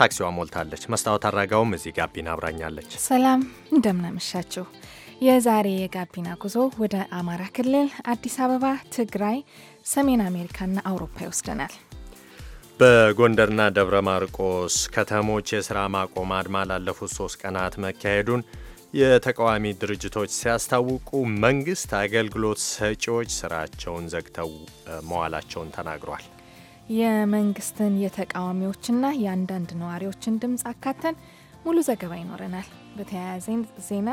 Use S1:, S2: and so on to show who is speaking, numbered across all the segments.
S1: ታክሲዋ ሞልታለች። መስታወት አድራጋውም እዚህ ጋቢና አብራኛለች።
S2: ሰላም እንደምናመሻችሁ። የዛሬ የጋቢና ጉዞ ወደ አማራ ክልል፣ አዲስ አበባ፣ ትግራይ፣ ሰሜን አሜሪካና አውሮፓ ይወስደናል።
S1: በጎንደርና ደብረ ማርቆስ ከተሞች የሥራ ማቆም አድማ ላለፉት ሶስት ቀናት መካሄዱን የተቃዋሚ ድርጅቶች ሲያስታውቁ መንግስት አገልግሎት ሰጪዎች ስራቸውን ዘግተው መዋላቸውን ተናግሯል።
S2: የመንግስትን የተቃዋሚዎችና የአንዳንድ ነዋሪዎችን ድምፅ አካተን ሙሉ ዘገባ ይኖረናል። በተያያዘ ዜና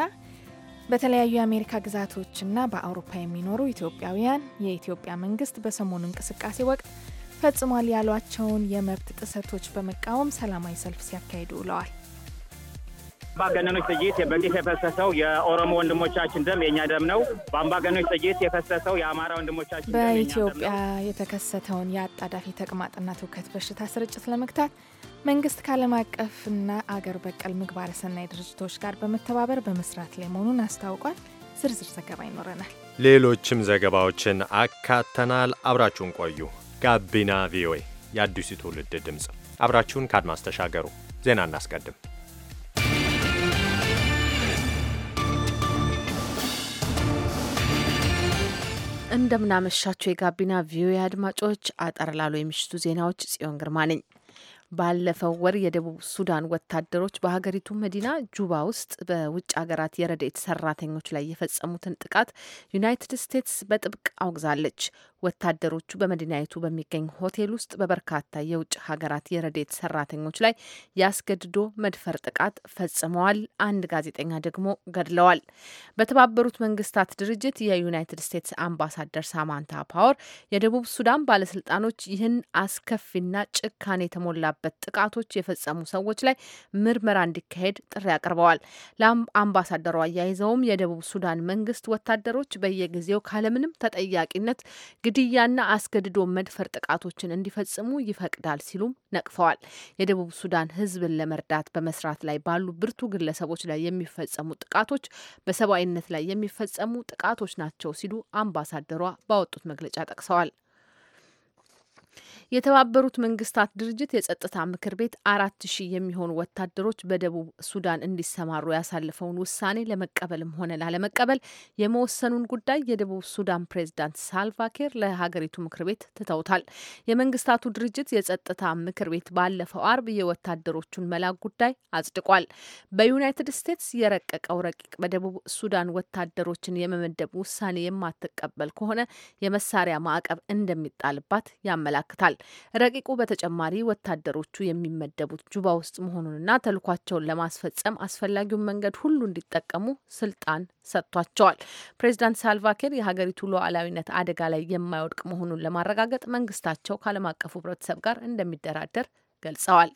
S2: በተለያዩ የአሜሪካ ግዛቶችና በአውሮፓ የሚኖሩ ኢትዮጵያውያን የኢትዮጵያ መንግስት በሰሞኑ እንቅስቃሴ ወቅት ፈጽሟል ያሏቸውን የመብት ጥሰቶች በመቃወም ሰላማዊ ሰልፍ ሲያካሂዱ ውለዋል።
S3: በአምባገነኖች ጥይት በግፍ የፈሰሰው የኦሮሞ ወንድሞቻችን ደም የእኛ ደም ነው። በአምባገነኖች ጥይት የፈሰሰው የአማራ ወንድሞቻችን በኢትዮጵያ
S2: የተከሰተውን የአጣዳፊ ተቅማጥና ትውከት በሽታ ስርጭት ለመግታት መንግስት ከዓለም አቀፍና አገር በቀል ምግባረ ሰናይ ድርጅቶች ጋር በመተባበር በመስራት ላይ መሆኑን አስታውቋል። ዝርዝር ዘገባ ይኖረናል።
S1: ሌሎችም ዘገባዎችን አካተናል። አብራችሁን ቆዩ። ጋቢና ቪኦኤ የአዲሱ ትውልድ ድምፅ። አብራችሁን ከአድማስ ተሻገሩ። ዜና እናስቀድም።
S4: እንደምናመሻቸው የጋቢና ቪኦኤ አድማጮች፣ አጠር ላሉ የምሽቱ ዜናዎች ጽዮን ግርማ ነኝ። ባለፈው ወር የደቡብ ሱዳን ወታደሮች በሀገሪቱ መዲና ጁባ ውስጥ በውጭ ሀገራት የረድኤት ሰራተኞች ላይ የፈጸሙትን ጥቃት ዩናይትድ ስቴትስ በጥብቅ አውግዛለች። ወታደሮቹ በመዲናይቱ በሚገኝ ሆቴል ውስጥ በበርካታ የውጭ ሀገራት የረዴት ሰራተኞች ላይ ያስገድዶ መድፈር ጥቃት ፈጽመዋል። አንድ ጋዜጠኛ ደግሞ ገድለዋል። በተባበሩት መንግስታት ድርጅት የዩናይትድ ስቴትስ አምባሳደር ሳማንታ ፓወር የደቡብ ሱዳን ባለስልጣኖች ይህን አስከፊና ጭካኔ የተሞላበት ጥቃቶች የፈጸሙ ሰዎች ላይ ምርመራ እንዲካሄድ ጥሪ አቅርበዋል። ለአምባሳደሩ አያይዘውም የደቡብ ሱዳን መንግስት ወታደሮች በየጊዜው ካለምንም ተጠያቂነት ግድያና አስገድዶ መድፈር ጥቃቶችን እንዲፈጽሙ ይፈቅዳል ሲሉም ነቅፈዋል። የደቡብ ሱዳን ሕዝብን ለመርዳት በመስራት ላይ ባሉ ብርቱ ግለሰቦች ላይ የሚፈጸሙ ጥቃቶች በሰብአዊነት ላይ የሚፈጸሙ ጥቃቶች ናቸው ሲሉ አምባሳደሯ ባወጡት መግለጫ ጠቅሰዋል። የተባበሩት መንግስታት ድርጅት የጸጥታ ምክር ቤት አራት ሺህ የሚሆኑ ወታደሮች በደቡብ ሱዳን እንዲሰማሩ ያሳለፈውን ውሳኔ ለመቀበልም ሆነ ላለመቀበል የመወሰኑን ጉዳይ የደቡብ ሱዳን ፕሬዝዳንት ሳልቫኪር ለሀገሪቱ ምክር ቤት ትተውታል። የመንግስታቱ ድርጅት የጸጥታ ምክር ቤት ባለፈው አርብ የወታደሮቹን መላክ ጉዳይ አጽድቋል። በዩናይትድ ስቴትስ የረቀቀው ረቂቅ በደቡብ ሱዳን ወታደሮችን የመመደብ ውሳኔ የማትቀበል ከሆነ የመሳሪያ ማዕቀብ እንደሚጣልባት ያመላክታል። ያመላክታል። ረቂቁ በተጨማሪ ወታደሮቹ የሚመደቡት ጁባ ውስጥ መሆኑንና ተልኳቸውን ለማስፈጸም አስፈላጊውን መንገድ ሁሉ እንዲጠቀሙ ስልጣን ሰጥቷቸዋል። ፕሬዚዳንት ሳልቫኪር የሀገሪቱ ሉዓላዊነት አደጋ ላይ የማይወድቅ መሆኑን ለማረጋገጥ መንግስታቸው ከዓለም አቀፉ ህብረተሰብ ጋር እንደሚደራደር ገልጸዋል።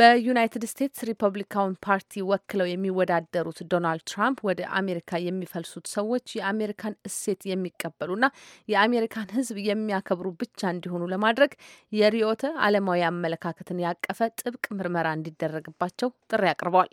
S4: በዩናይትድ ስቴትስ ሪፐብሊካውን ፓርቲ ወክለው የሚወዳደሩት ዶናልድ ትራምፕ ወደ አሜሪካ የሚፈልሱት ሰዎች የአሜሪካን እሴት የሚቀበሉና የአሜሪካን ሕዝብ የሚያከብሩ ብቻ እንዲሆኑ ለማድረግ የሪዮተ ዓለማዊ አመለካከትን ያቀፈ ጥብቅ ምርመራ እንዲደረግባቸው ጥሪ አቅርበዋል።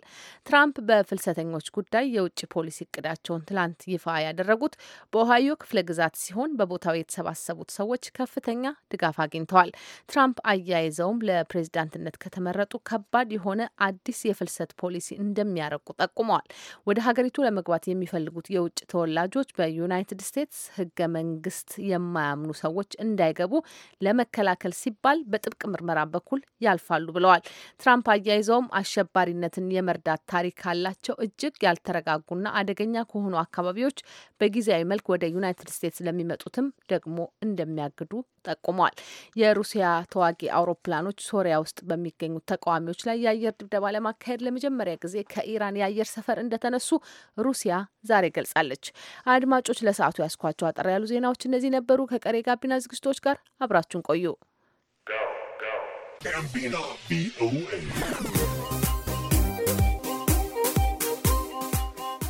S4: ትራምፕ በፍልሰተኞች ጉዳይ የውጭ ፖሊሲ እቅዳቸውን ትላንት ይፋ ያደረጉት በኦሃዮ ክፍለ ግዛት ሲሆን በቦታው የተሰባሰቡት ሰዎች ከፍተኛ ድጋፍ አግኝተዋል። ትራምፕ አያይዘውም ለፕሬዚዳንትነት ከተመረጡ ከባድ የሆነ አዲስ የፍልሰት ፖሊሲ እንደሚያረቁ ጠቁመዋል። ወደ ሀገሪቱ ለመግባት የሚፈልጉት የውጭ ተወላጆች በዩናይትድ ስቴትስ ህገ መንግስት የማያምኑ ሰዎች እንዳይገቡ ለመከላከል ሲባል በጥብቅ ምርመራ በኩል ያልፋሉ ብለዋል። ትራምፕ አያይዘውም አሸባሪነትን የመርዳት ታሪክ ካላቸው እጅግ ያልተረጋጉና አደገኛ ከሆኑ አካባቢዎች በጊዜያዊ መልክ ወደ ዩናይትድ ስቴትስ ለሚመጡትም ደግሞ እንደሚያግዱ ጠቁመዋል። የሩሲያ ተዋጊ አውሮፕላኖች ሶሪያ ውስጥ በሚገኙት ተቃዋሚ ተቃዋሚዎች ላይ የአየር ድብደባ ለማካሄድ ለመጀመሪያ ጊዜ ከኢራን የአየር ሰፈር እንደተነሱ ሩሲያ ዛሬ ገልጻለች። አድማጮች ለሰዓቱ ያስኳቸው አጠር ያሉ ዜናዎች እነዚህ ነበሩ። ከቀሪ ጋቢና ዝግጅቶች ጋር አብራችሁን ቆዩ።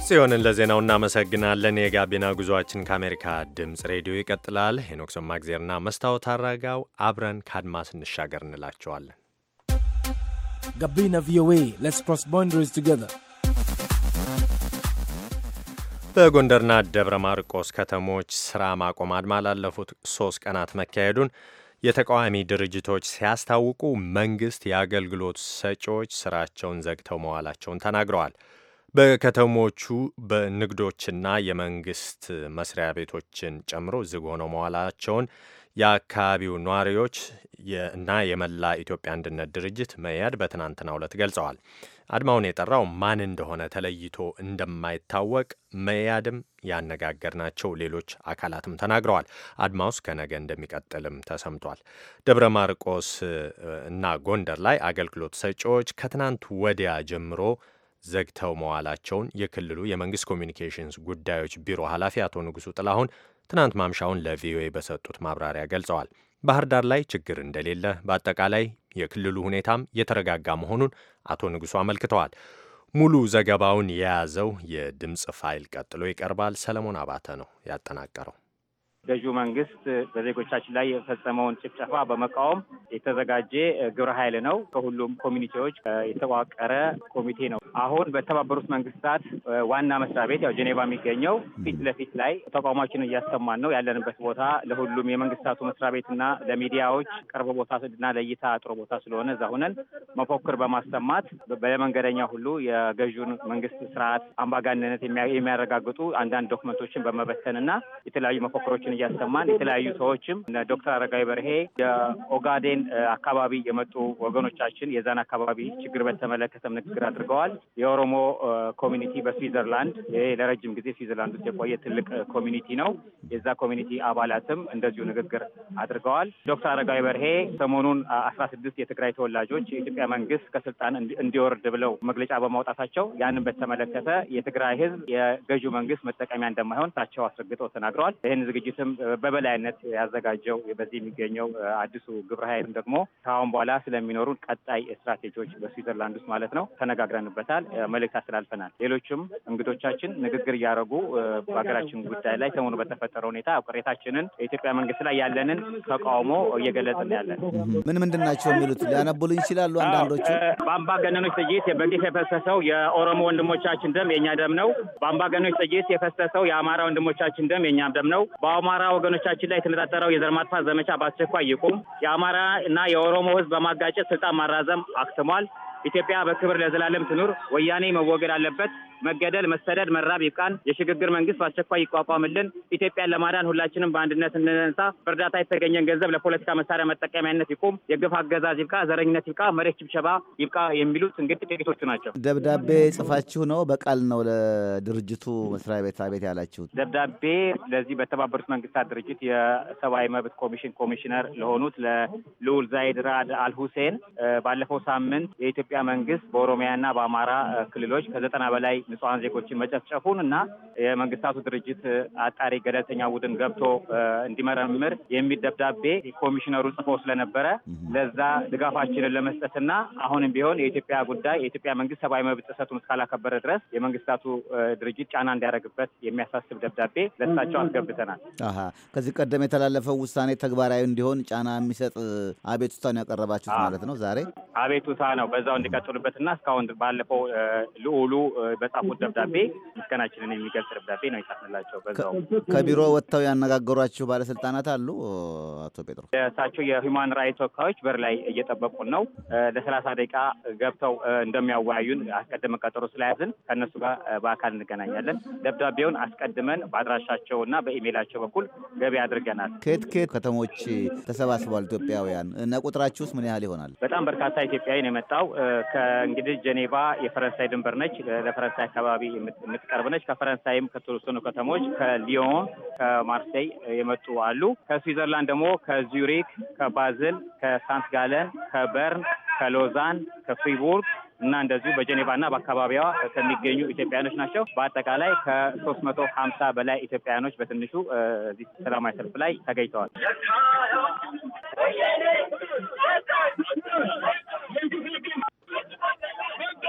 S1: ጽዮንን ለዜናው እናመሰግናለን። የጋቢና ጉዞአችን ከአሜሪካ ድምፅ ሬዲዮ ይቀጥላል። ሄኖክ ሰማግዜርና መስታወት አራጋው አብረን ከአድማስ እንሻገር እንላቸዋለን። ጋቢና ቪኦኤ ሌትስ ክሮስ ቦንደሪስ ቱጌዘር። በጎንደርና ደብረ ማርቆስ ከተሞች ስራ ማቆም አድማ ላለፉት ሶስት ቀናት መካሄዱን የተቃዋሚ ድርጅቶች ሲያስታውቁ መንግስት የአገልግሎት ሰጪዎች ስራቸውን ዘግተው መዋላቸውን ተናግረዋል። በከተሞቹ በንግዶችና የመንግስት መስሪያ ቤቶችን ጨምሮ ዝግ ሆነው መዋላቸውን የአካባቢው ነዋሪዎች የና የመላ ኢትዮጵያ አንድነት ድርጅት መያድ በትናንትናው ዕለት ገልጸዋል። አድማውን የጠራው ማን እንደሆነ ተለይቶ እንደማይታወቅ መያድም ያነጋገርናቸው ሌሎች አካላትም ተናግረዋል። አድማው እስከ ነገ እንደሚቀጥልም ተሰምቷል። ደብረ ማርቆስ እና ጎንደር ላይ አገልግሎት ሰጪዎች ከትናንት ወዲያ ጀምሮ ዘግተው መዋላቸውን የክልሉ የመንግስት ኮሚኒኬሽንስ ጉዳዮች ቢሮ ኃላፊ አቶ ንጉሱ ጥላሁን ትናንት ማምሻውን ለቪኦኤ በሰጡት ማብራሪያ ገልጸዋል። ባህር ዳር ላይ ችግር እንደሌለ፣ በአጠቃላይ የክልሉ ሁኔታም የተረጋጋ መሆኑን አቶ ንጉሱ አመልክተዋል። ሙሉ ዘገባውን የያዘው የድምፅ ፋይል ቀጥሎ ይቀርባል። ሰለሞን አባተ ነው ያጠናቀረው።
S3: ገዢው መንግስት በዜጎቻችን ላይ የፈጸመውን ጭፍጨፋ በመቃወም የተዘጋጀ ግብረ ኃይል ነው። ከሁሉም ኮሚኒቲዎች የተዋቀረ ኮሚቴ ነው። አሁን በተባበሩት መንግስታት ዋና መስሪያ ቤት ያው ጄኔቫ የሚገኘው ፊት ለፊት ላይ ተቋማችን እያሰማን ነው። ያለንበት ቦታ ለሁሉም የመንግስታቱ መስሪያ ቤትና ለሚዲያዎች ቅርብ ቦታ እና ለእይታ ጥሩ ቦታ ስለሆነ እዛ ሁነን መፎክር በማሰማት በመንገደኛ ሁሉ የገዥውን መንግስት ስርዓት አምባጋንነት የሚያረጋግጡ አንዳንድ ዶክመንቶችን በመበተን እና የተለያዩ መፎክሮችን እያሰማን የተለያዩ ሰዎችም ዶክተር አረጋዊ በርሄ የኦጋዴን አካባቢ የመጡ ወገኖቻችን የዛን አካባቢ ችግር በተመለከተም ንግግር አድርገዋል። የኦሮሞ ኮሚኒቲ በስዊዘርላንድ ይሄ ለረጅም ጊዜ ስዊዘርላንድ ውስጥ የቆየ ትልቅ ኮሚኒቲ ነው። የዛ ኮሚኒቲ አባላትም እንደዚሁ ንግግር አድርገዋል። ዶክተር አረጋዊ በርሄ ሰሞኑን አስራ ስድስት የትግራይ ተወላጆች የኢትዮጵያ መንግስት ከስልጣን እንዲወርድ ብለው መግለጫ በማውጣታቸው ያንን በተመለከተ የትግራይ ህዝብ የገዢው መንግስት መጠቀሚያ እንደማይሆን ታቸው አስረግጠው ተናግረዋል። ይህን ዝግጅትም በበላይነት ያዘጋጀው በዚህ የሚገኘው አዲሱ ግብረ ኃይልም ደግሞ ከአሁን በኋላ ስለሚኖሩ ቀጣይ ስትራቴጂዎች በስዊዘርላንድ ውስጥ ማለት ነው ተነጋግረንበታል። እንዲሻሻል መልእክት አስተላልፈናል። ሌሎችም እንግዶቻችን ንግግር እያደረጉ በሀገራችን ጉዳይ ላይ ሰሞኑ በተፈጠረ ሁኔታ ቅሬታችንን የኢትዮጵያ መንግስት ላይ ያለንን ተቃውሞ እየገለጽን ያለን
S5: ምን ምንድን ናቸው የሚሉት ሊያነቡልን ይችላሉ። አንዳንዶቹ
S3: በአምባገነኖች ጥይት በግፍ የፈሰሰው የኦሮሞ ወንድሞቻችን ደም የእኛ ደም ነው። በአምባገነኖች ጥይት የፈሰሰው የአማራ ወንድሞቻችን ደም የእኛም ደም ነው። በአማራ ወገኖቻችን ላይ የተነጣጠረው የዘር ማጥፋት ዘመቻ በአስቸኳይ ይቁም። የአማራ እና የኦሮሞ ህዝብ በማጋጨት ስልጣን ማራዘም አክትሟል። ኢትዮጵያ በክብር ለዘላለም ትኑር። ወያኔ መወገድ አለበት። መገደል፣ መሰደድ፣ መራብ ይብቃን። የሽግግር መንግስት በአስቸኳይ ይቋቋምልን። ኢትዮጵያን ለማዳን ሁላችንም በአንድነት እንነሳ። በእርዳታ የተገኘን ገንዘብ ለፖለቲካ መሳሪያ መጠቀሚያነት ይቁም። የግፍ አገዛዝ ይብቃ፣ ዘረኝነት ይብቃ፣ መሬት ችብቸባ ይብቃ የሚሉት እንግዲህ ጥቂቶቹ ናቸው። ደብዳቤ
S5: ጽፋችሁ ነው በቃል ነው ለድርጅቱ መስሪያ ቤት ቤት ያላችሁት
S3: ደብዳቤ ለዚህ በተባበሩት መንግስታት ድርጅት የሰብአዊ መብት ኮሚሽን ኮሚሽነር ለሆኑት ለልዑል ዛይድ ራድ አልሁሴን ባለፈው ሳምንት የኢትዮጵያ መንግስት በኦሮሚያና በአማራ ክልሎች ከዘጠና በላይ ንጹሐን ዜጎችን መጨፍጨፉን እና የመንግስታቱ ድርጅት አጣሪ ገለልተኛ ቡድን ገብቶ እንዲመረምር የሚል ደብዳቤ ኮሚሽነሩ ጽፎ ስለነበረ ለዛ ድጋፋችንን ለመስጠትና አሁንም ቢሆን የኢትዮጵያ ጉዳይ የኢትዮጵያ መንግስት ሰብአዊ መብት ጥሰቱን እስካላከበረ ድረስ የመንግስታቱ ድርጅት ጫና እንዲያደርግበት የሚያሳስብ ደብዳቤ ለሳቸው አስገብተናል።
S5: ከዚህ ቀደም የተላለፈው ውሳኔ ተግባራዊ እንዲሆን ጫና የሚሰጥ አቤቱታ ነው ያቀረባችሁት ማለት ነው። ዛሬ
S3: አቤቱታ ነው በዛው እንዲቀጥሉበትና እስካሁን ባለፈው ልዑሉ በጻ በጻፉት ደብዳቤ ምስጋናችንን የሚገልጽ ደብዳቤ ነው የጻፍንላቸው። በዛው
S5: ከቢሮ ወጥተው ያነጋገሯቸው ባለስልጣናት አሉ። አቶ ጴጥሮ
S3: እሳቸው የሂውማን ራይት ተወካዮች በር ላይ እየጠበቁን ነው። ለሰላሳ ደቂቃ ገብተው እንደሚያወያዩን አስቀድመ ቀጠሮ ስለያዝን ከእነሱ ጋር በአካል እንገናኛለን። ደብዳቤውን አስቀድመን በአድራሻቸው እና በኢሜይላቸው በኩል ገቢ አድርገናል።
S5: ከየት ከየት ከተሞች ተሰባስበዋል ኢትዮጵያውያን እና ቁጥራችሁስ ምን ያህል ይሆናል?
S3: በጣም በርካታ ኢትዮጵያውያን የመጣው ከእንግዲህ ጀኔቫ የፈረንሳይ ድንበር ነች። ለፈረንሳይ አካባቢ የምትቀርብ ነች። ከፈረንሳይም ከተወሰኑ ከተሞች ከሊዮን፣ ከማርሴይ የመጡ አሉ። ከስዊዘርላንድ ደግሞ ከዙሪክ፣ ከባዝል፣ ከሳንት ጋለን፣ ከበርን፣ ከሎዛን፣ ከፍሪቡርግ እና እንደዚሁ በጀኔቫ እና በአካባቢዋ ከሚገኙ ኢትዮጵያውያኖች ናቸው። በአጠቃላይ ከሶስት መቶ ሀምሳ በላይ ኢትዮጵያውያኖች በትንሹ እዚህ ሰላማዊ ሰልፍ ላይ ተገኝተዋል።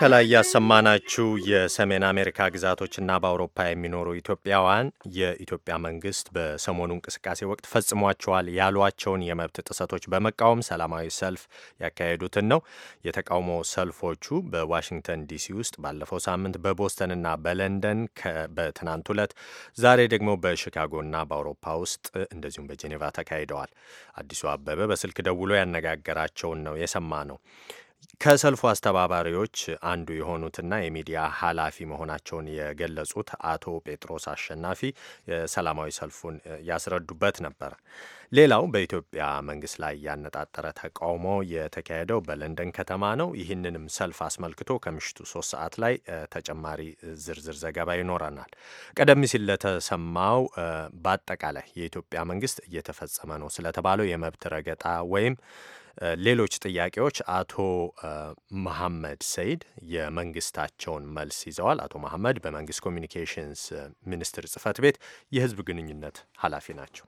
S1: ከላይ ያሰማናችሁ የሰሜን አሜሪካ ግዛቶችና በአውሮፓ የሚኖሩ ኢትዮጵያውያን የኢትዮጵያ መንግስት በሰሞኑ እንቅስቃሴ ወቅት ፈጽሟቸዋል ያሏቸውን የመብት ጥሰቶች በመቃወም ሰላማዊ ሰልፍ ያካሄዱትን ነው። የተቃውሞ ሰልፎቹ በዋሽንግተን ዲሲ ውስጥ ባለፈው ሳምንት፣ በቦስተንና በለንደን በትናንት ሁለት፣ ዛሬ ደግሞ በሺካጎና በአውሮፓ ውስጥ እንደዚሁም በጄኔቫ ተካሂደዋል። አዲሱ አበበ በስልክ ደውሎ ያነጋገራቸውን ነው የሰማ ነው። ከሰልፉ አስተባባሪዎች አንዱ የሆኑትና የሚዲያ ኃላፊ መሆናቸውን የገለጹት አቶ ጴጥሮስ አሸናፊ ሰላማዊ ሰልፉን ያስረዱበት ነበር። ሌላው በኢትዮጵያ መንግስት ላይ ያነጣጠረ ተቃውሞ የተካሄደው በለንደን ከተማ ነው። ይህንንም ሰልፍ አስመልክቶ ከምሽቱ ሶስት ሰዓት ላይ ተጨማሪ ዝርዝር ዘገባ ይኖረናል። ቀደም ሲል ለተሰማው በአጠቃላይ የኢትዮጵያ መንግስት እየተፈጸመ ነው ስለተባለው የመብት ረገጣ ወይም ሌሎች ጥያቄዎች አቶ መሐመድ ሰይድ የመንግስታቸውን መልስ ይዘዋል። አቶ መሐመድ በመንግስት ኮሚኒኬሽንስ ሚኒስቴር ጽህፈት ቤት የህዝብ ግንኙነት ኃላፊ
S6: ናቸው።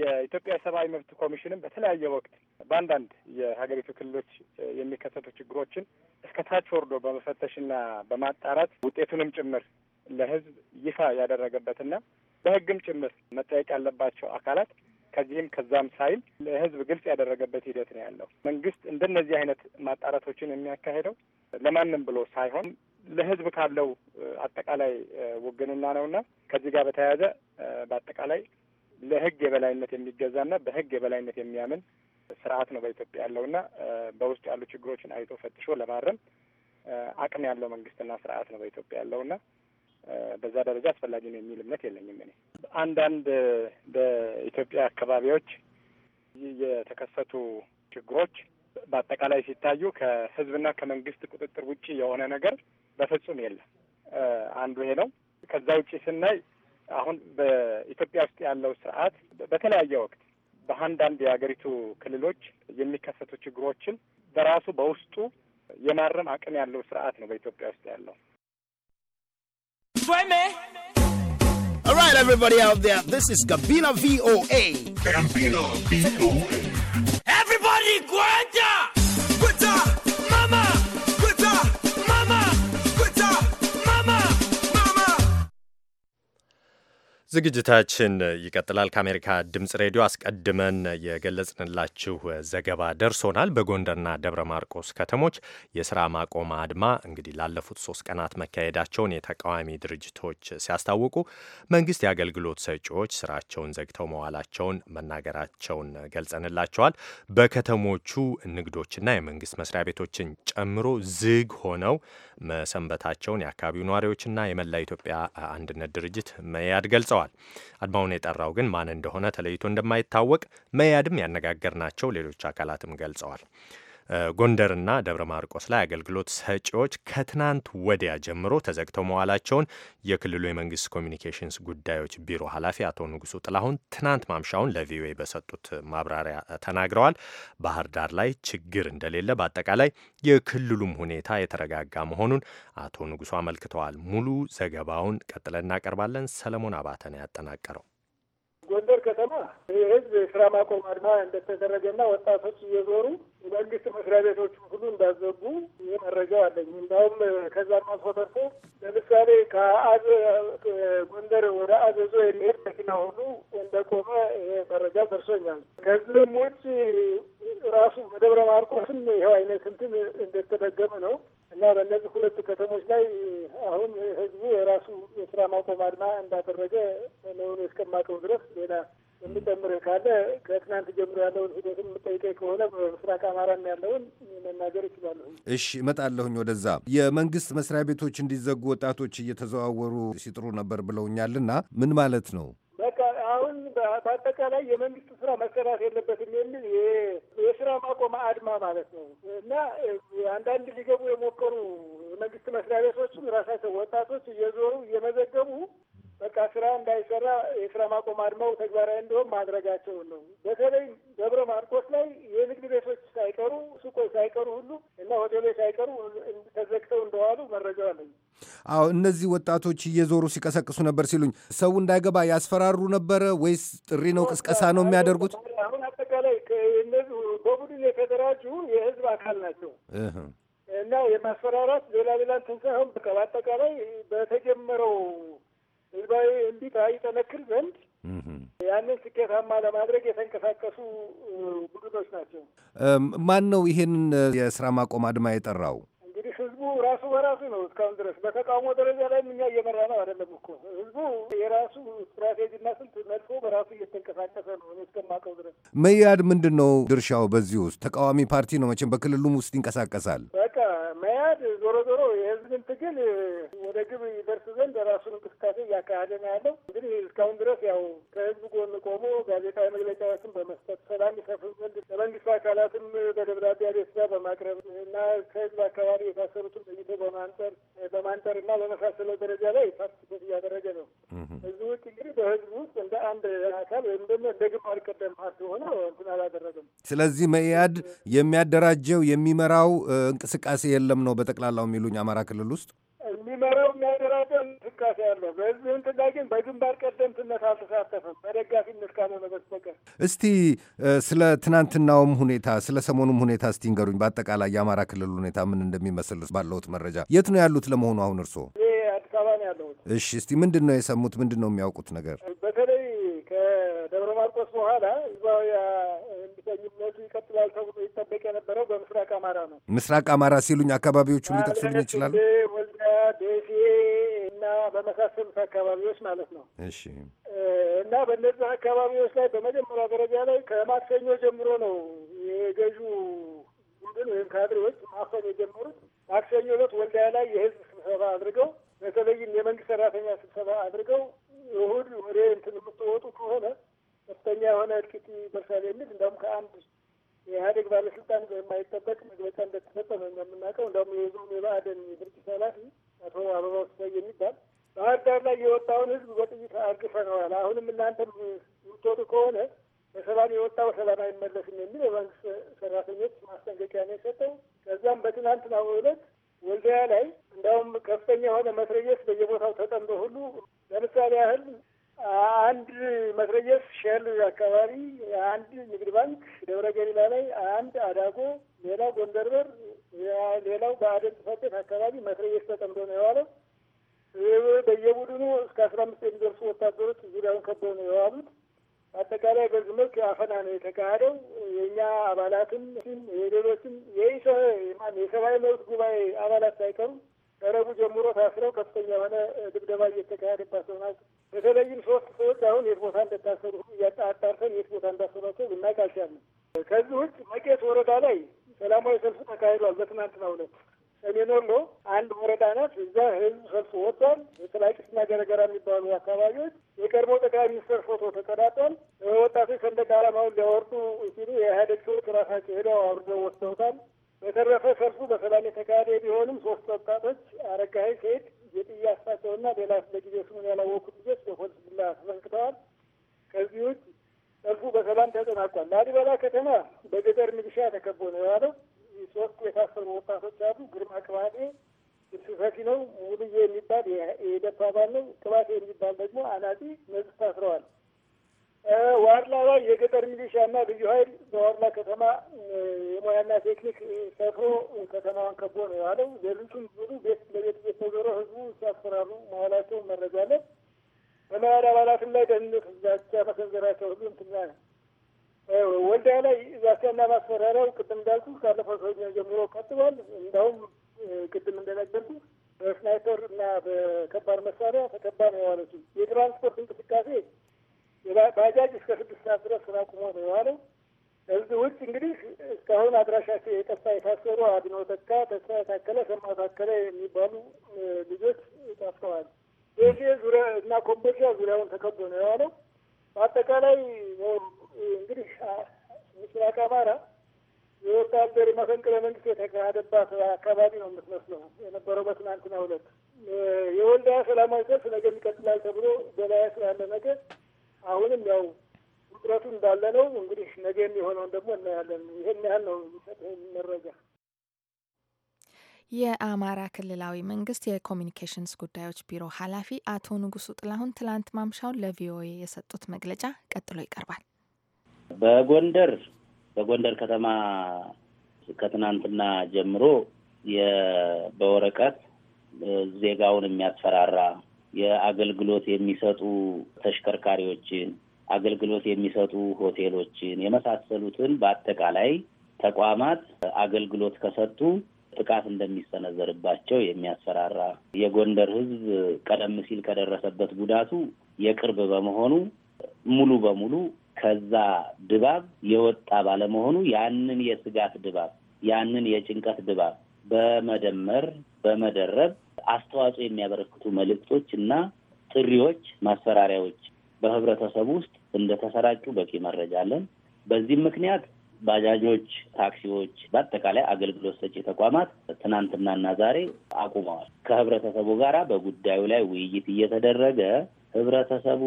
S6: የኢትዮጵያ ሰብአዊ መብት ኮሚሽንም በተለያየ ወቅት በአንዳንድ የሀገሪቱ ክልሎች የሚከሰቱ ችግሮችን እስከ ታች ወርዶ በመፈተሽና በማጣራት ውጤቱንም ጭምር ለህዝብ ይፋ ያደረገበትና በህግም ጭምር መጠየቅ ያለባቸው አካላት ከዚህም ከዛም ሳይል ለህዝብ ግልጽ ያደረገበት ሂደት ነው ያለው። መንግስት እንደነዚህ አይነት ማጣራቶችን የሚያካሄደው ለማንም ብሎ ሳይሆን ለህዝብ ካለው አጠቃላይ ውግንና ነውና ከዚህ ጋር በተያያዘ በአጠቃላይ ለህግ የበላይነት የሚገዛና በህግ የበላይነት የሚያምን ስርዓት ነው በኢትዮጵያ ያለውና በውስጡ ያሉ ችግሮችን አይቶ ፈትሾ ለማረም አቅም ያለው መንግስትና ስርዓት ነው በኢትዮጵያ ያለውና በዛ ደረጃ አስፈላጊ ነው የሚል እምነት የለኝም። እኔ አንዳንድ በኢትዮጵያ አካባቢዎች የተከሰቱ ችግሮች በአጠቃላይ ሲታዩ ከህዝብና ከመንግስት ቁጥጥር ውጭ የሆነ ነገር በፍጹም የለም። አንዱ ይሄ ነው። ከዛ ውጭ ስናይ አሁን በኢትዮጵያ ውስጥ ያለው ስርዓት በተለያየ ወቅት በአንዳንድ የሀገሪቱ ክልሎች የሚከሰቱ ችግሮችን በራሱ በውስጡ የማረም አቅም ያለው ስርዓት ነው በኢትዮጵያ ውስጥ ያለው። All right, everybody out there, this is
S7: Gabina VOA. Gabina VOA.
S1: ዝግጅታችን ይቀጥላል። ከአሜሪካ ድምፅ ሬዲዮ አስቀድመን የገለጽንላችሁ ዘገባ ደርሶናል። በጎንደርና ደብረ ማርቆስ ከተሞች የስራ ማቆም አድማ እንግዲህ ላለፉት ሶስት ቀናት መካሄዳቸውን የተቃዋሚ ድርጅቶች ሲያስታውቁ መንግስት የአገልግሎት ሰጪዎች ስራቸውን ዘግተው መዋላቸውን መናገራቸውን ገልጸንላቸዋል። በከተሞቹ ንግዶችና የመንግስት መስሪያ ቤቶችን ጨምሮ ዝግ ሆነው መሰንበታቸውን የአካባቢው ነዋሪዎችና የመላ ኢትዮጵያ አንድነት ድርጅት መያድ ገልጸዋል። ገልጸዋል። አድማውን የጠራው ግን ማን እንደሆነ ተለይቶ እንደማይታወቅ መያድም ያነጋገርናቸው ሌሎች አካላትም ገልጸዋል። ጎንደርና ደብረ ማርቆስ ላይ አገልግሎት ሰጪዎች ከትናንት ወዲያ ጀምሮ ተዘግተው መዋላቸውን የክልሉ የመንግስት ኮሚኒኬሽንስ ጉዳዮች ቢሮ ኃላፊ አቶ ንጉሱ ጥላሁን ትናንት ማምሻውን ለቪኦኤ በሰጡት ማብራሪያ ተናግረዋል። ባህር ዳር ላይ ችግር እንደሌለ በአጠቃላይ የክልሉም ሁኔታ የተረጋጋ መሆኑን አቶ ንጉሱ አመልክተዋል። ሙሉ ዘገባውን ቀጥለን እናቀርባለን። ሰለሞን አባተ ነው ያጠናቀረው።
S8: ጎንደር ከተማ የህዝብ ስራ ማቆም አድማ እንደተደረገና ወጣቶች እየዞሩ የመንግስት መስሪያ ቤቶቹ ሁሉ እንዳዘጉ ይህ መረጃው አለኝ። እንዲሁም ከዛ አልፎ ተርፎ ለምሳሌ ከአዘ ጎንደር ወደ አዘዞ የሚሄድ መኪና ሁሉ እንደቆመ ይህ መረጃ ደርሶኛል። ከዚህም ውጭ ራሱ በደብረ ማርቆስም ይኸው አይነት ስንትም እንደተደገመ ነው። እና በእነዚህ ሁለቱ ከተሞች ላይ አሁን ህዝቡ የራሱ የስራ ማቆም አድማ እንዳደረገ ለሆኑ እስከማቀው ድረስ ሌላ የሚጨምርህ ካለ ከትናንት ጀምሮ ያለውን ሂደት የምጠይቀኝ ከሆነ በምስራቅ አማራም ያለውን መናገር ይችላሉ።
S7: እሺ እመጣለሁኝ ወደዛ። የመንግስት መስሪያ ቤቶች እንዲዘጉ ወጣቶች እየተዘዋወሩ ሲጥሩ ነበር ብለውኛልና ምን ማለት ነው?
S8: በአጠቃላይ የመንግስት ስራ መሰራት የለበትም የሚል የስራ ማቆም አድማ ማለት ነው እና አንዳንድ ሊገቡ የሞከሩ የመንግስት መስሪያ ቤቶችም ራሳቸው ወጣቶች እየዞሩ እየመዘገቡ በቃ ስራ እንዳይሰራ የስራ ማቆም አድማው ተግባራዊ እንዲሆን ማድረጋቸውን ነው። በተለይ ደብረ ማርቆስ ላይ የንግድ ቤቶች ሳይቀሩ ሱቆች ሳይቀሩ ሁሉ እና ሆቴሎች ሳይቀሩ ተዘግተው እንደዋሉ መረጃው አለኝ።
S7: አዎ እነዚህ ወጣቶች እየዞሩ ሲቀሰቅሱ ነበር ሲሉኝ፣ ሰው እንዳይገባ ያስፈራሩ ነበረ ወይስ ጥሪ ነው ቅስቀሳ ነው የሚያደርጉት?
S9: አሁን አጠቃላይ በቡድን የተደራጁ
S8: የህዝብ አካል ናቸው እና የማስፈራራት ሌላ ሌላ እንትን ሳይሆን በአጠቃላይ በተጀመረው ህዝባዊ እምቢታ ይጠነክር ዘንድ ያንን ስኬታማ ለማድረግ የተንቀሳቀሱ ቡድኖች ናቸው።
S7: ማን ነው ይህንን የስራ ማቆም አድማ የጠራው?
S8: እንግዲህ ህዝቡ ራሱ በራሱ ነው። እስካሁን ድረስ በተቃውሞ ደረጃ ላይ እኛ እየመራ ነው አይደለም እኮ ህዝቡ የራሱ ስትራቴጂና ስልት ነድፎ በራሱ እየተንቀሳቀሰ ነው። እስከማውቀው ድረስ
S7: መያድ ምንድን ነው ድርሻው በዚህ ውስጥ? ተቃዋሚ ፓርቲ ነው መቼም በክልሉም ውስጥ ይንቀሳቀሳል።
S8: በቃ መያድ ዞሮ ዞሮ የህዝብን ትግል ወደ ግብ ይደርስ ዘንድ የራሱን እንቅስቃሴ እያካሄደ ነው ያለው። እንግዲህ እስካሁን ድረስ ያው ከህዝብ ጎን ቆሞ ጋዜጣዊ መግለጫዎችን በመስጠት ሰላም ይሰፍን ዘንድ ለመንግስቱ አካላትም በደብዳቤ አቤቱታ በማቅረብ እና ከህዝብ አካባቢ የታሰሩትን ለይቶ በማንጠር በማንጠር እና በመሳሰለው ደረጃ ላይ ፓርቲስፔት እያደረገ ነው። እዚህ ውጭ እንግዲህ በህዝብ ውስጥ እንደ አንድ አካል ወይም ደግሞ እንደ ግንባር ቀደም ፓርቲ ሆነ እንትን አላደረገም።
S7: ስለዚህ መኢአድ የሚያደራጀው የሚመራው እንቅስቃሴ የለም ነው በጠቅላላው የሚሉኝ አማራ ክልል ውስጥ
S8: የሚመራው የሚያደራጀው እንቅስቃሴ አለው። በህዝብ ንቅናቄ በግንባር ቀደምትነት አልተሳተፈም በደጋፊነት
S9: ካልሆነ
S7: በስተቀር። እስቲ ስለ ትናንትናውም ሁኔታ ስለ ሰሞኑም ሁኔታ እስቲ ንገሩኝ። በአጠቃላይ የአማራ ክልል ሁኔታ ምን እንደሚመስል ባለሁት መረጃ የት ነው ያሉት ለመሆኑ አሁን እርስዎ?
S9: አዲስ አበባ ነው ያለሁት።
S7: እሺ፣ እስቲ ምንድን ነው የሰሙት? ምንድን ነው የሚያውቁት ነገር
S9: በተለይ
S8: ከደብረ ማርቆስ በኋላ እዛው እንዲሰኝነቱ
S7: ይቀጥላል ተብሎ ይጠበቅ የነበረው በምስራቅ አማራ ነው። ምስራቅ አማራ ሲሉኝ አካባቢዎቹን ሊጠቅሱልኝ ይችላሉ? ደሴ እና በመሳሰሉት አካባቢዎች ማለት ነው። እሺ።
S8: እና በእነዚህ አካባቢዎች ላይ በመጀመሪያ ደረጃ ላይ ከማክሰኞ ጀምሮ ነው የገዢው ቡድን ወይም ካድሬዎች ማክሰኞ የጀመሩት። ማክሰኞ ዕለት ወልዳያ ላይ የህዝብ ስብሰባ አድርገው በተለይም የመንግስት ሰራተኛ ስብሰባ አድርገው እሁድ ወደ እንትን የምትወጡ ከሆነ ከፍተኛ የሆነ እልቂት ይደርሳል የሚል እንደውም ከአንድ የኢህአዴግ ባለስልጣን የማይጠበቅ መግለጫ እንደተሰጠ ነው የምናውቀው። እንደውም የዞን የባዕደን ድርጅት ኃላፊ አቶ አበባ ስታይ የሚባል ባህር ዳር ላይ የወጣውን ህዝብ በጥይት አርግፈነዋል። አሁንም እናንተ የምትወጡ ከሆነ በሰላም የወጣው ሰላም አይመለስም የሚል የመንግስት ሰራተኞች ማስጠንቀቂያ ነው የሰጠው። ከዛም በትናንትናው ዕለት ወልዲያ ላይ እንዲያውም ከፍተኛ የሆነ መትረየስ በየቦታው ተጠምዶ ሁሉ ለምሳሌ ያህል አንድ መትረየስ ሸል አካባቢ፣ አንድ ንግድ ባንክ ደብረ ገሊላ ላይ፣ አንድ አዳጎ፣ ሌላ ጎንደር በር ሌላው በአደን ጽሕፈት አካባቢ መትረየስ ተጠምዶ ነው የዋለው። በየቡድኑ እስከ አስራ አምስት የሚደርሱ ወታደሮች ዙሪያውን ከበው ነው የዋሉት። አጠቃላይ በዚህ መልክ አፈና ነው የተካሄደው። የእኛ አባላትም ሲም የሌሎችም የሰብአዊ መብት ጉባኤ አባላት ሳይቀሩ ከረቡዕ ጀምሮ ታስረው ከፍተኛ የሆነ ድብደባ እየተካሄደባቸው ናቸው። በተለይም ሶስት ሰዎች አሁን የት ቦታ እንደታሰሩ አጣርተን የት ቦታ ትናንትና ሁለት ሰሜን ወሎ አንድ ወረዳ ናት። እዛ ህዝብ ሰልፎ ወጥቷል። የተለያዩ ቅስና ገረገራ የሚባሉ አካባቢዎች እንፈረጃለን። በመያድ አባላትም ላይ ደህንነት ዛቻ መሰንዘራቸው ሁሉ እንትና ወልዲያ ላይ ዛቻና ማስፈራሪያው ቅድም እንዳልኩ ካለፈው ሰኞ ጀምሮ ቀጥሏል። እንዳውም ቅድም እንደነገርኩ በስናይፐር እና በከባድ መሳሪያ ተከባ ነው የዋለችው። የትራንስፖርት እንቅስቃሴ ባጃጅ እስከ ስድስት ሰዓት ድረስ ስራ ቁሞ ነው የዋለው። እዚህ ውጭ እንግዲህ እስካሁን አድራሻቸው የጠፋ የታሰሩ አድኖ ተካ፣ ተስፋ ታከለ፣ ሰማ ታከለ የሚባሉ ልጆች ጠፍተዋል። ይሄ ዙሪያ እና ኮምቦልቻ ዙሪያውን ተከቦ ነው የዋለው። በአጠቃላይ እንግዲህ ምስራቅ አማራ የወታደር መፈንቅለ መንግስት የተካሄደባት አካባቢ ነው የምትመስለው የነበረው በትናንትና ሁለት የወልዳ ሰላማዊ ሰልፍ ነገ ይቀጥላል ተብሎ በላያ ስላለ ነገ አሁንም ያው ውጥረቱ እንዳለ ነው። እንግዲህ ነገ የሚሆነውን ደግሞ እናያለን። ይሄን ያህል ነው የሚሰጥ መረጃ።
S2: የአማራ ክልላዊ መንግስት የኮሚኒኬሽንስ ጉዳዮች ቢሮ ኃላፊ አቶ ንጉሱ ጥላሁን ትላንት ማምሻውን ለቪኦኤ የሰጡት መግለጫ ቀጥሎ ይቀርባል።
S5: በጎንደር በጎንደር ከተማ ከትናንትና ጀምሮ በወረቀት ዜጋውን የሚያስፈራራ የአገልግሎት የሚሰጡ ተሽከርካሪዎችን፣ አገልግሎት የሚሰጡ ሆቴሎችን የመሳሰሉትን በአጠቃላይ ተቋማት አገልግሎት ከሰጡ ጥቃት እንደሚሰነዘርባቸው የሚያስፈራራ የጎንደር ህዝብ ቀደም ሲል ከደረሰበት ጉዳቱ የቅርብ በመሆኑ ሙሉ በሙሉ ከዛ ድባብ የወጣ ባለመሆኑ ያንን የስጋት ድባብ ያንን የጭንቀት ድባብ በመደመር በመደረብ አስተዋጽኦ የሚያበረክቱ መልእክቶች እና ጥሪዎች፣ ማስፈራሪያዎች በህብረተሰቡ ውስጥ እንደተሰራጩ በቂ መረጃ አለን። በዚህም ምክንያት ባጃጆች፣ ታክሲዎች፣ በአጠቃላይ አገልግሎት ሰጪ ተቋማት ትናንትናና ዛሬ አቁመዋል። ከህብረተሰቡ ጋራ በጉዳዩ ላይ ውይይት እየተደረገ ህብረተሰቡ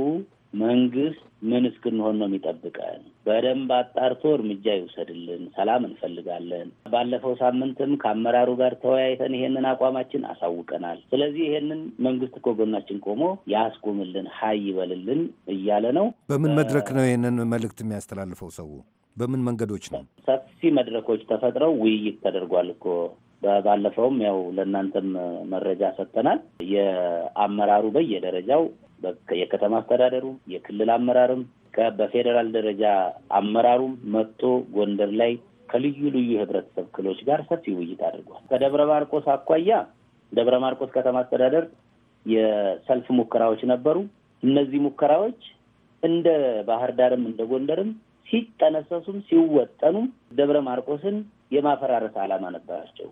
S5: መንግስት ምን እስክንሆን ነው የሚጠብቀን? በደንብ አጣርቶ እርምጃ ይውሰድልን። ሰላም እንፈልጋለን። ባለፈው ሳምንትም ከአመራሩ ጋር ተወያይተን ይሄንን አቋማችን አሳውቀናል። ስለዚህ ይሄንን መንግስት እኮ ጎናችን ቆሞ ያስቁምልን፣ ሀይ ይበልልን እያለ ነው። በምን መድረክ
S7: ነው ይሄንን መልእክት የሚያስተላልፈው ሰው በምን መንገዶች ነው?
S5: ሰፊ መድረኮች ተፈጥረው ውይይት ተደርጓል እኮ ባለፈውም ያው ለእናንተም መረጃ ሰጥተናል። የአመራሩ በየደረጃው የከተማ አስተዳደሩ፣ የክልል አመራርም በፌዴራል ደረጃ አመራሩም መጥቶ ጎንደር ላይ ከልዩ ልዩ የህብረተሰብ ክፍሎች ጋር ሰፊ ውይይት አድርጓል። ከደብረ ማርቆስ አኳያ ደብረ ማርቆስ ከተማ አስተዳደር የሰልፍ ሙከራዎች ነበሩ። እነዚህ ሙከራዎች እንደ ባህር ዳርም እንደ ጎንደርም ሲጠነሰሱም ሲወጠኑም ደብረ ማርቆስን የማፈራረስ ዓላማ ነበራቸው።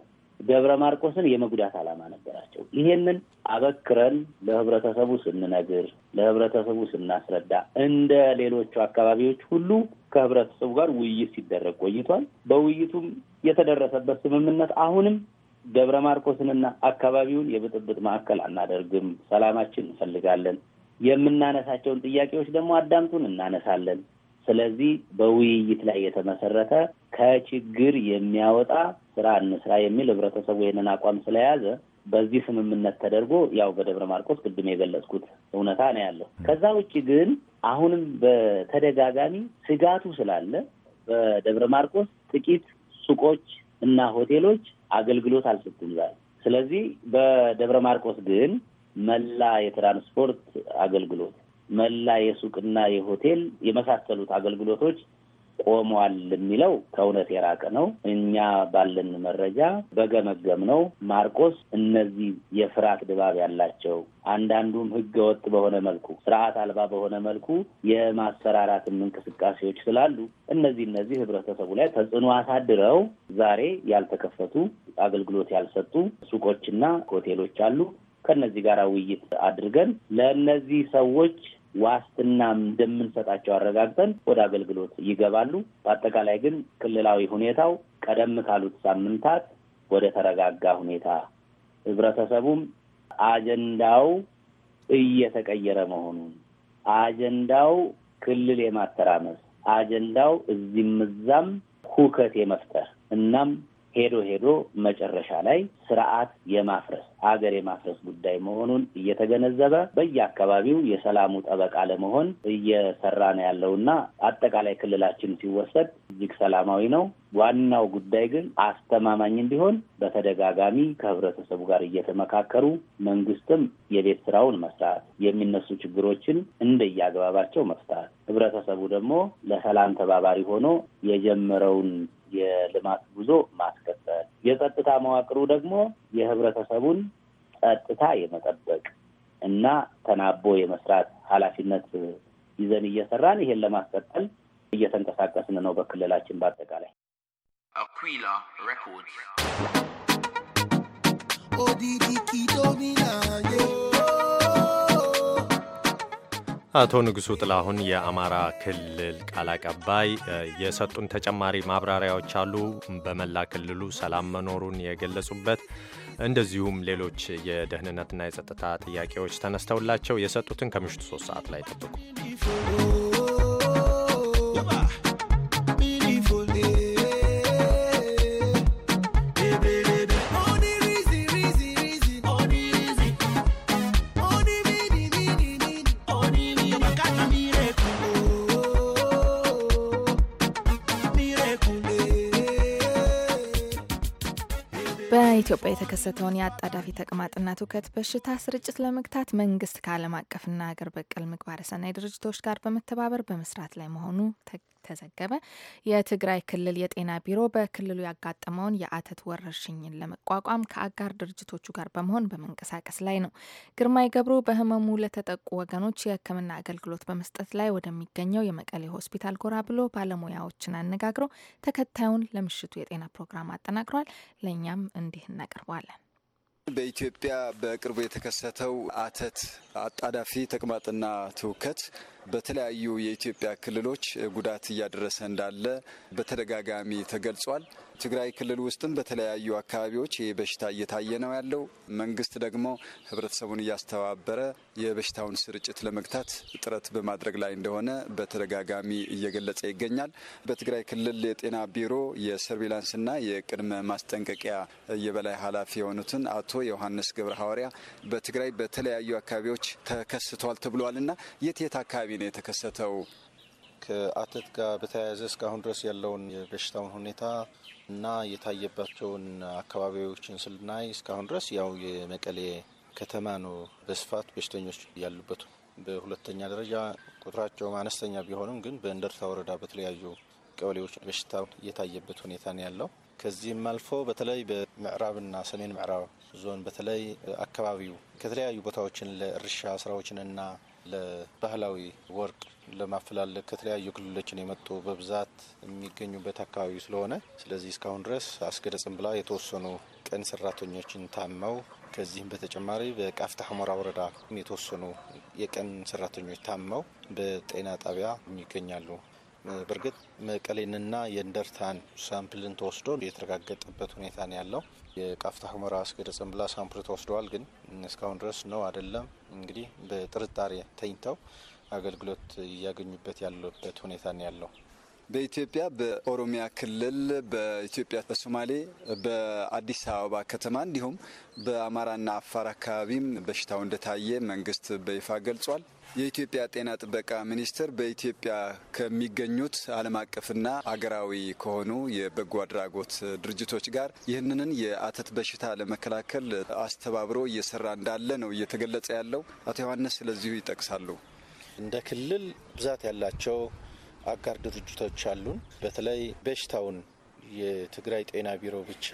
S5: ደብረ ማርቆስን የመጉዳት ዓላማ ነበራቸው። ይሄንን አበክረን ለህብረተሰቡ ስንነግር፣ ለህብረተሰቡ ስናስረዳ እንደ ሌሎቹ አካባቢዎች ሁሉ ከህብረተሰቡ ጋር ውይይት ሲደረግ ቆይቷል። በውይይቱም የተደረሰበት ስምምነት አሁንም ደብረ ማርቆስንና አካባቢውን የብጥብጥ ማዕከል አናደርግም፣ ሰላማችን እንፈልጋለን፣ የምናነሳቸውን ጥያቄዎች ደግሞ አዳምጡን፣ እናነሳለን ስለዚህ በውይይት ላይ የተመሰረተ ከችግር የሚያወጣ ስራ እንስራ የሚል ህብረተሰቡ ይህንን አቋም ስለያዘ በዚህ ስምምነት ተደርጎ ያው በደብረ ማርቆስ ቅድም የገለጽኩት እውነታ ነው ያለው። ከዛ ውጭ ግን አሁንም በተደጋጋሚ ስጋቱ ስላለ በደብረ ማርቆስ ጥቂት ሱቆች እና ሆቴሎች አገልግሎት አልሰጡም ዛሬ። ስለዚህ በደብረ ማርቆስ ግን መላ የትራንስፖርት አገልግሎት መላ የሱቅና የሆቴል የመሳሰሉት አገልግሎቶች ቆመዋል የሚለው ከእውነት የራቀ ነው። እኛ ባለን መረጃ በገመገም ነው ማርቆስ እነዚህ የፍርሃት ድባብ ያላቸው አንዳንዱም ህገወጥ በሆነ መልኩ ስርዓት አልባ በሆነ መልኩ የማሰራራትም እንቅስቃሴዎች ስላሉ እነዚህ እነዚህ ህብረተሰቡ ላይ ተጽዕኖ አሳድረው ዛሬ ያልተከፈቱ አገልግሎት ያልሰጡ ሱቆችና ሆቴሎች አሉ። ከእነዚህ ጋር ውይይት አድርገን ለእነዚህ ሰዎች ዋስትናም እንደምንሰጣቸው አረጋግጠን ወደ አገልግሎት ይገባሉ። በአጠቃላይ ግን ክልላዊ ሁኔታው ቀደም ካሉት ሳምንታት ወደ ተረጋጋ ሁኔታ ህብረተሰቡም አጀንዳው እየተቀየረ መሆኑን አጀንዳው ክልል የማተራመስ አጀንዳው እዚህም እዛም ሁከት የመፍጠር እናም ሄዶ ሄዶ መጨረሻ ላይ ስርዓት የማፍረስ ሀገር የማፍረስ ጉዳይ መሆኑን እየተገነዘበ በየአካባቢው የሰላሙ ጠበቃ ለመሆን እየሰራ ነው ያለውና አጠቃላይ ክልላችን ሲወሰድ እጅግ ሰላማዊ ነው። ዋናው ጉዳይ ግን አስተማማኝ እንዲሆን በተደጋጋሚ ከህብረተሰቡ ጋር እየተመካከሩ መንግስትም የቤት ስራውን መስራት፣ የሚነሱ ችግሮችን እንደየአግባባቸው መፍታት፣ ህብረተሰቡ ደግሞ ለሰላም ተባባሪ ሆኖ የጀመረውን የልማት ጉዞ ማስቀጠል፣ የጸጥታ መዋቅሩ ደግሞ የህብረተሰቡን ጸጥታ የመጠበቅ እና ተናቦ የመስራት ኃላፊነት ይዘን እየሰራን ይሄን ለማስቀጠል እየተንቀሳቀስን ነው በክልላችን በአጠቃላይ።
S9: አኩላ ሬኮርድ ኦዲዲ
S1: ኪዶሚና አቶ ንጉሱ ጥላሁን የአማራ ክልል ቃል አቀባይ የሰጡን ተጨማሪ ማብራሪያዎች አሉ። በመላ ክልሉ ሰላም መኖሩን የገለጹበት እንደዚሁም ሌሎች የደህንነትና የጸጥታ ጥያቄዎች ተነስተውላቸው የሰጡትን ከምሽቱ ሶስት ሰዓት ላይ ጠብቁ።
S2: በኢትዮጵያ የተከሰተውን የአጣዳፊ ተቅማጥና ትውከት በሽታ ስርጭት ለመግታት መንግስት ከዓለም አቀፍና ሀገር በቀል ምግባረ ሰናይ ድርጅቶች ጋር በመተባበር በመስራት ላይ መሆኑ ተዘገበ። የትግራይ ክልል የጤና ቢሮ በክልሉ ያጋጠመውን የአተት ወረርሽኝን ለመቋቋም ከአጋር ድርጅቶቹ ጋር በመሆን በመንቀሳቀስ ላይ ነው። ግርማይ ገብሩ በህመሙ ለተጠቁ ወገኖች የህክምና አገልግሎት በመስጠት ላይ ወደሚገኘው የመቀሌ ሆስፒታል ጎራ ብሎ ባለሙያዎችን አነጋግሮ ተከታዩን ለምሽቱ የጤና ፕሮግራም አጠናቅሯል። ለእኛም እንዲህ እናቀርበዋለን።
S10: በኢትዮጵያ በቅርቡ የተከሰተው አተት አጣዳፊ ተቅማጥና ትውከት በተለያዩ የኢትዮጵያ ክልሎች ጉዳት እያደረሰ እንዳለ በተደጋጋሚ ተገልጿል። ትግራይ ክልል ውስጥም በተለያዩ አካባቢዎች ይህ በሽታ እየታየ ነው ያለው። መንግስት ደግሞ ህብረተሰቡን እያስተባበረ የበሽታውን ስርጭት ለመግታት ጥረት በማድረግ ላይ እንደሆነ በተደጋጋሚ እየገለጸ ይገኛል። በትግራይ ክልል የጤና ቢሮ የሰርቬላንስና የቅድመ ማስጠንቀቂያ የበላይ ኃላፊ የሆኑትን አቶ ዮሐንስ ገብረ ሐዋርያ በትግራይ በተለያዩ አካባቢዎች ተከስቷል ተብሏልና የት የት አካባቢ ነው የተከሰተው?
S11: ከአተት ጋር በተያያዘ እስካሁን ድረስ ያለውን የበሽታውን ሁኔታ እና የታየባቸውን አካባቢዎችን ስናይ እስካሁን ድረስ ያው የመቀሌ ከተማ ነው በስፋት በሽተኞች ያሉበት። በሁለተኛ ደረጃ ቁጥራቸውም አነስተኛ ቢሆንም ግን በእንደርታ ወረዳ በተለያዩ ቀበሌዎች በሽታ እየታየበት ሁኔታ ነው ያለው። ከዚህም አልፎ በተለይ በምዕራብና ሰሜን ምዕራብ ዞን በተለይ አካባቢው ከተለያዩ ቦታዎችን ለእርሻ ስራዎችንና ለባህላዊ ወርቅ ለማፈላለግ ከተለያዩ ክልሎችን የመጡ በብዛት የሚገኙበት አካባቢ ስለሆነ ስለዚህ እስካሁን ድረስ አስገደጽም ብላ የተወሰኑ ቀን ሰራተኞችን ታመው ከዚህም በተጨማሪ በቃፍታ ሑመራ ወረዳ የተወሰኑ የቀን ሰራተኞች ታመው በጤና ጣቢያ ይገኛሉ። በእርግጥ መቀሌንና የእንደርታን ሳምፕልን ተወስዶ የተረጋገጠበት ሁኔታ ነው ያለው። የቃፍታ ሑመራ አስገደጽም ብላ ሳምፕል ተወስደዋል፣ ግን እስካሁን ድረስ ነው አይደለም እንግዲህ በጥርጣሬ ተኝተው አገልግሎት እያገኙበት ያለበት ሁኔታ ነው ያለው።
S10: በኢትዮጵያ በኦሮሚያ ክልል፣ በኢትዮጵያ በሶማሌ፣ በአዲስ አበባ ከተማ እንዲሁም በአማራና አፋር አካባቢም በሽታው እንደታየ መንግስት በይፋ ገልጿል። የኢትዮጵያ ጤና ጥበቃ ሚኒስቴር በኢትዮጵያ ከሚገኙት ዓለም አቀፍና አገራዊ ከሆኑ የበጎ አድራጎት ድርጅቶች ጋር ይህንንን የአተት በሽታ ለመከላከል አስተባብሮ እየሰራ እንዳለ ነው እየተገለጸ
S11: ያለው። አቶ ዮሐንስ ስለዚሁ ይጠቅሳሉ። እንደ ክልል ብዛት ያላቸው አጋር ድርጅቶች አሉን። በተለይ በሽታውን የትግራይ ጤና ቢሮ ብቻ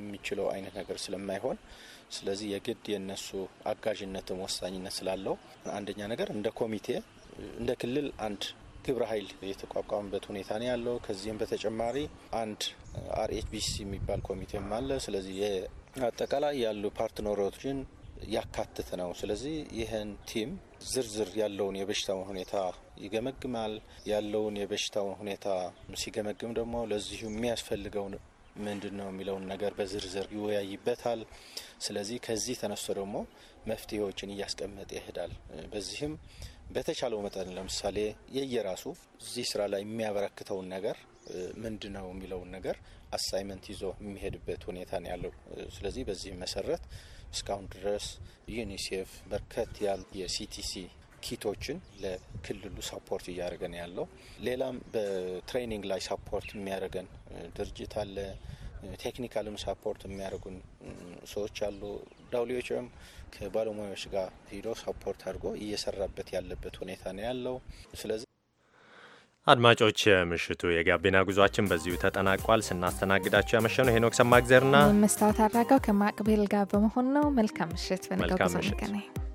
S11: የሚችለው አይነት ነገር ስለማይሆን ስለዚህ የግድ የነሱ አጋዥነትም ወሳኝነት ስላለው አንደኛ ነገር እንደ ኮሚቴ እንደ ክልል አንድ ግብረ ኃይል የተቋቋመበት ሁኔታ ነው ያለው። ከዚህም በተጨማሪ አንድ አርኤችቢሲ የሚባል ኮሚቴም አለ። ስለዚህ አጠቃላይ ያሉ ፓርትነሮችን ያካትት ነው። ስለዚህ ይህን ቲም ዝርዝር ያለውን የበሽታውን ሁኔታ ይገመግማል። ያለውን የበሽታውን ሁኔታ ሲገመግም ደግሞ ለዚሁ የሚያስፈልገው ምንድን ነው የሚለውን ነገር በዝርዝር ይወያይበታል። ስለዚህ ከዚህ ተነስቶ ደግሞ መፍትሄዎችን እያስቀመጠ ይሄዳል። በዚህም በተቻለው መጠን ለምሳሌ የየራሱ እዚህ ስራ ላይ የሚያበረክተውን ነገር ምንድን ነው የሚለውን ነገር አሳይመንት ይዞ የሚሄድበት ሁኔታ ነው ያለው። ስለዚህ በዚህ መሰረት እስካሁን ድረስ ዩኒሴፍ በርከት ያል የሲቲሲ ኪቶችን ለክልሉ ሰፖርት እያደረገን ያለው። ሌላም በትሬኒንግ ላይ ሰፖርት የሚያደርገን ድርጅት አለ። ቴክኒካልም ሰፖርት የሚያደርጉን ሰዎች አሉ። ዳውሊዎችም ከባለሙያዎች ጋር ሂዶ ሰፖርት አድርጎ እየሰራበት ያለበት ሁኔታ ነው ያለው። ስለዚህ
S1: አድማጮች ምሽቱ የጋቢና ጉዟችን በዚሁ ተጠናቋል። ስናስተናግዳቸው ያመሸ ነው ሄኖክ ሰማግዘርና
S2: መስታወት አድራገው ከማቅቤል ጋር በመሆን ነው። መልካም ምሽት። በነገው ጉዞ እንገናኝ።